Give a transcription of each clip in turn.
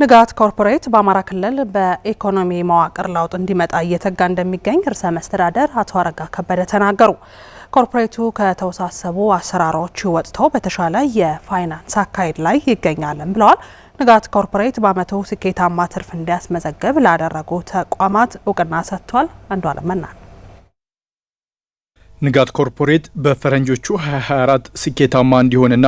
ንጋት ኮርፖሬት በአማራ ክልል በኢኮኖሚ መዋቅር ለውጥ እንዲመጣ እየተጋ እንደሚገኝ ርዕሰ መስተዳደር አቶ አረጋ ከበደ ተናገሩ። ኮርፖሬቱ ከተወሳሰቡ አሰራሮች ወጥተው በተሻለ የፋይናንስ አካሄድ ላይ ይገኛለን ብለዋል። ንጋት ኮርፖሬት በዓመቱ ስኬታማ ትርፍ እንዲያስመዘግብ ላደረጉ ተቋማት እውቅና ሰጥቷል። አንዷለም መናን ንጋት ኮርፖሬት በፈረንጆቹ 2024 ስኬታማ እንዲሆንና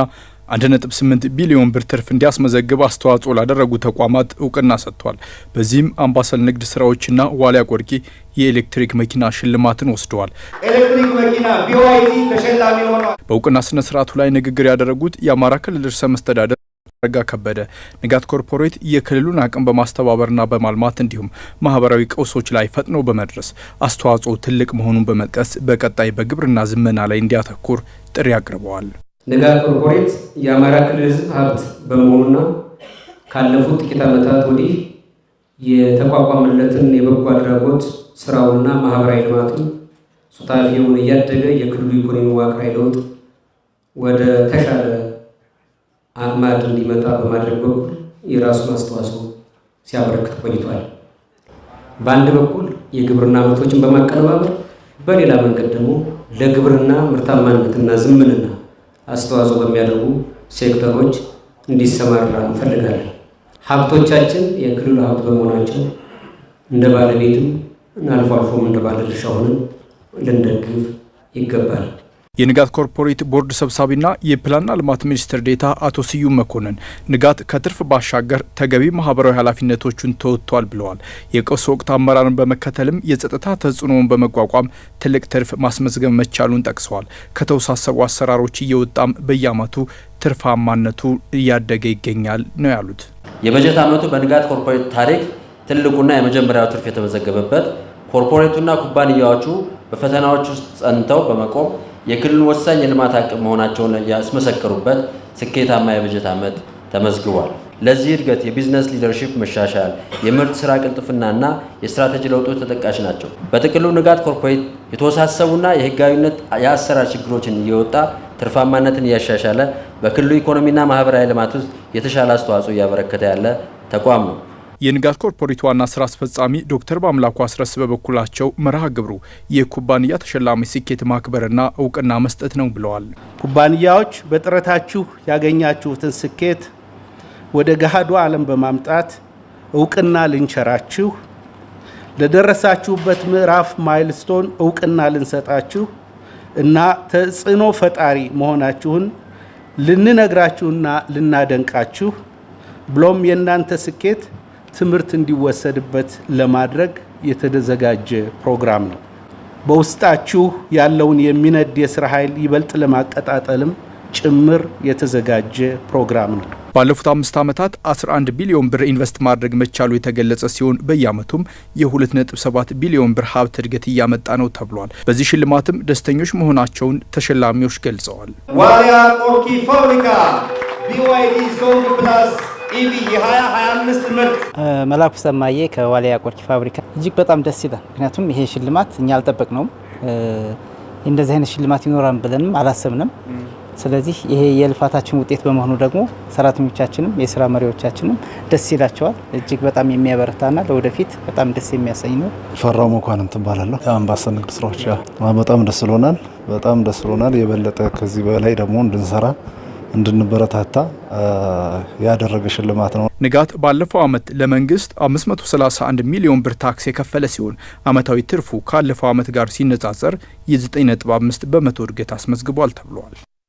1.8 ቢሊዮን ብር ትርፍ እንዲያስመዘግብ አስተዋጽኦ ላደረጉ ተቋማት እውቅና ሰጥቷል። በዚህም አምባሰል ንግድ ስራዎችና ዋሊያ ቆርቂ የኤሌክትሪክ መኪና ሽልማትን ወስደዋል። ኤሌክትሪክ መኪና ቢዋይዲ ተሸላሚ ሆኗል። በእውቅና ስነ ስርዓቱ ላይ ንግግር ያደረጉት የአማራ ክልል ርዕሰ መስተዳደር ረጋ ከበደ ንጋት ኮርፖሬት የክልሉን አቅም በማስተባበርና በማልማት እንዲሁም ማህበራዊ ቀውሶች ላይ ፈጥኖ በመድረስ አስተዋጽኦ ትልቅ መሆኑን በመጥቀስ በቀጣይ በግብርና ዝመና ላይ እንዲያተኩር ጥሪ አቅርበዋል። ንጋ ኮርፖሬት የአማራ ክልል ሕዝብ ሀብት በመሆኑና ካለፉት ጥቂት ዓመታት ወዲህ የተቋቋመለትን የበጎ አድራጎት ስራውና ማህበራዊ ልማቱን ሱታፊውን እያደገ የክልሉ ኢኮኖሚ መዋቅራዊ ለውጥ ወደ ተሻለ አማድ እንዲመጣ በማድረግ በኩል የራሱን አስተዋጽኦ ሲያበረክት ቆይቷል። በአንድ በኩል የግብርና ምርቶችን በማቀነባበር በሌላ መንገድ ደግሞ ለግብርና ምርታማነትና ዝምንና አስተዋጽኦ በሚያደርጉ ሴክተሮች እንዲሰማራ እንፈልጋለን። ሀብቶቻችን የክልሉ ሀብት በመሆናቸው እንደ ባለቤትም አልፎ አልፎም እንደ ባለድርሻ ሆነን ልንደግፍ ይገባል። የንጋት ኮርፖሬት ቦርድ ሰብሳቢና የፕላንና ልማት ሚኒስትር ዴታ አቶ ስዩም መኮንን ንጋት ከትርፍ ባሻገር ተገቢ ማህበራዊ ኃላፊነቶቹን ተወጥቷል ብለዋል። የቀውስ ወቅት አመራርን በመከተልም የጸጥታ ተጽዕኖውን በመቋቋም ትልቅ ትርፍ ማስመዝገብ መቻሉን ጠቅሰዋል። ከተወሳሰቡ አሰራሮች እየወጣም በየአመቱ ትርፋማነቱ እያደገ ይገኛል ነው ያሉት። የበጀት ዓመቱ በንጋት ኮርፖሬት ታሪክ ትልቁና የመጀመሪያው ትርፍ የተመዘገበበት ኮርፖሬቱና ኩባንያዎቹ በፈተናዎች ውስጥ ጸንተው በመቆም የክልል ወሳኝ የልማት አቅም መሆናቸውን ያስመሰከሩበት ስኬታማ የበጀት ዓመት ተመዝግቧል። ለዚህ እድገት የቢዝነስ ሊደርሺፕ መሻሻል፣ የምርት ስራ ቅልጥፍናና የስትራቴጂ ለውጦች ተጠቃሽ ናቸው። በጥቅሉ ንጋት ኮርፖሬት የተወሳሰቡና የህጋዊነት የአሰራር ችግሮችን እየወጣ ትርፋማነትን እያሻሻለ በክልሉ ኢኮኖሚና ማህበራዊ ልማት ውስጥ የተሻለ አስተዋጽኦ እያበረከተ ያለ ተቋም ነው። የንጋት ኮርፖሬት ዋና ስራ አስፈጻሚ ዶክተር በአምላኩ አስረስ በበኩላቸው መርሃ ግብሩ የኩባንያ ተሸላሚ ስኬት ማክበርና እውቅና መስጠት ነው ብለዋል። ኩባንያዎች በጥረታችሁ ያገኛችሁትን ስኬት ወደ ገሃዱ ዓለም በማምጣት እውቅና ልንቸራችሁ፣ ለደረሳችሁበት ምዕራፍ ማይልስቶን እውቅና ልንሰጣችሁ እና ተጽዕኖ ፈጣሪ መሆናችሁን ልንነግራችሁና ልናደንቃችሁ ብሎም የእናንተ ስኬት ትምህርት እንዲወሰድበት ለማድረግ የተዘጋጀ ፕሮግራም ነው። በውስጣችሁ ያለውን የሚነድ የስራ ኃይል ይበልጥ ለማቀጣጠልም ጭምር የተዘጋጀ ፕሮግራም ነው። ባለፉት አምስት ዓመታት 11 ቢሊዮን ብር ኢንቨስት ማድረግ መቻሉ የተገለጸ ሲሆን በየዓመቱም የ2.7 ቢሊዮን ብር ሀብት እድገት እያመጣ ነው ተብሏል። በዚህ ሽልማትም ደስተኞች መሆናቸውን ተሸላሚዎች ገልጸዋል። ዋሊያ ቆርኪ ፋብሪካ ቢዋይዲ ዞን ፕላስ ኢቪ የ2025 ምርት መላኩ ሰማዬ ከዋልያ ቆርኪ ፋብሪካ። እጅግ በጣም ደስ ይላል። ምክንያቱም ይሄ ሽልማት እኛ አልጠበቅነውም፣ እንደዚህ አይነት ሽልማት ይኖራል ብለንም አላሰብንም። ስለዚህ ይሄ የልፋታችን ውጤት በመሆኑ ደግሞ ሰራተኞቻችንም የስራ መሪዎቻችንም ደስ ይላቸዋል። እጅግ በጣም የሚያበረታና ለወደፊት በጣም ደስ የሚያሰኝ ነው። ፈራው መኳንም ትባላለሁ። የአምባሰል ንግድ ስራዎች በጣም ደስ ብሎናል። በጣም ደስ ብሎናል። የበለጠ ከዚህ በላይ ደግሞ እንድንሰራ እንድንበረታታ ያደረገ ሽልማት ነው። ንጋት ባለፈው ዓመት ለመንግስት 531 ሚሊዮን ብር ታክስ የከፈለ ሲሆን ዓመታዊ ትርፉ ካለፈው ዓመት ጋር ሲነጻጸር የ9.5 በመቶ እድገት አስመዝግቧል ተብሏል።